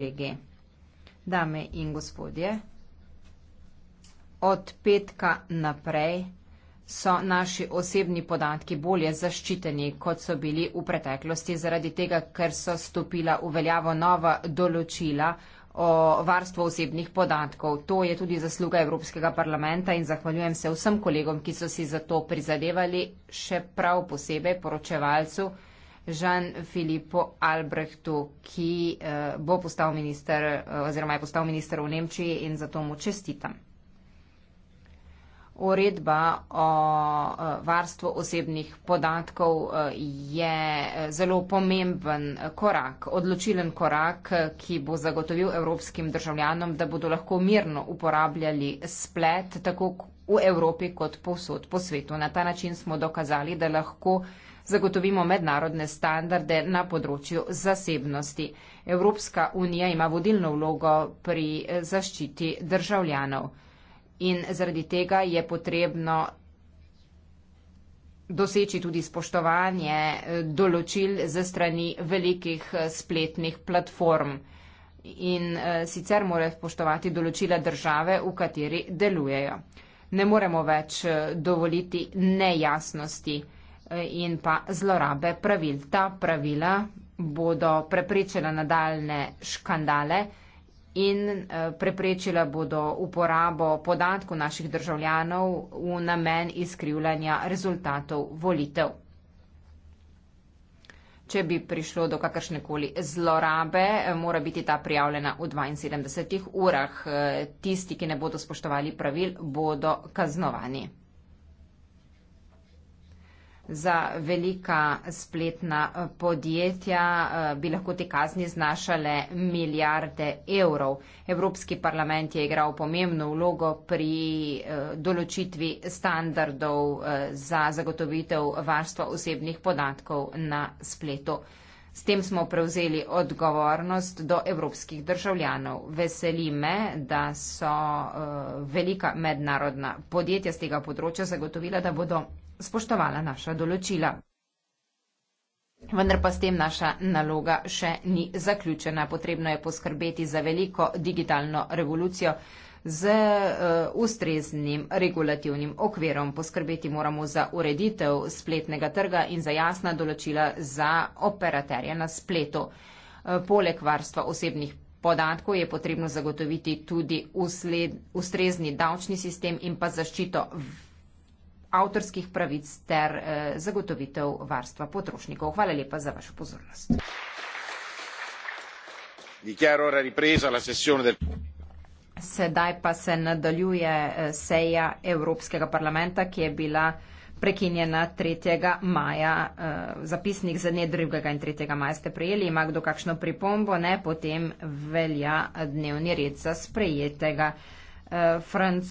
kolege. Dame in gospodje, od petka naprej so naši osebni podatki bolje zaščiteni, kot so bili v preteklosti, zaradi tega, ker so stopila v veljavo nova določila o varstvu osebnih podatkov. To je tudi zasluga Evropskega parlamenta in zahvaljujem se vsem kolegom, ki so si za to prizadevali, še prav posebej poročevalcu. Žan-Filipo Albrehtu, ki eh, bo postal minister eh, oziroma je postal minister v Nemčiji in zato mu čestitam. Uredba o eh, varstvu osebnih podatkov je zelo pomemben korak, odločilen korak, ki bo zagotovil evropskim državljanom, da bodo lahko mirno uporabljali splet tako v Evropi kot posod po svetu. Na ta način smo dokazali, da lahko zagotovimo mednarodne standarde na področju zasebnosti. Evropska unija ima vodilno vlogo pri zaščiti državljanov in zaradi tega je potrebno doseči tudi spoštovanje eh, določil ze strani velikih eh, spletnih platform. In eh, sicer morajo spoštovati določila države, v kateri delujejo. Ne moremo več dovoliti nejasnosti in pa zlorabe pravil. Ta pravila bodo preprečila nadaljne škandale in eh, preprečila bodo uporabo podatkov naših državljanov v namen izkrivljanja rezultatov volitev. Če bi prišlo do kakršnekoli zlorabe, eh, mora biti ta prijavljena v 72 urah. Eh, tisti, ki ne bodo spoštovali pravil, bodo kaznovani za velika spletna eh, podjetja eh, bi lahko te kazni znašale milijarde evrov. Evropski parlament je igral pomembno vlogo pri eh, določitvi standardov za zagotovitev varstva osebnih podatkov na spletu. S tem smo prevzeli odgovornost do evropskih državljanov. Veseli me, da so uh, velika mednarodna podjetja z tega področja zagotovila, da bodo spoštovala naša določila. Vendar pa s tem naša naloga še ni zaključena. Potrebno je poskrbeti za veliko digitalno revolucijo z eh, ustreznim regulativnim okverom. Poskrbeti moramo za ureditev spletnega trga in za jasna določila za operaterje na spletu. Eh, poleg varstva osebnih podatkov je potrebno zagotoviti tudi usled, ustrezni davčni sistem in pa zaščito avtorskih pravic ter eh, zagotovitev varstva potrošnikov. Hvala lepa za vašo pozornost. Sedaj pa se nadaljuje eh, seja Evropskega parlamenta, ki je bila prekinjena 3. maja. Eh, zapisnik za dne 2. in 3. maja ste prejeli. Ima kdo kakšno pripombo? Ne, potem velja dnevni red za sprejetega. Franc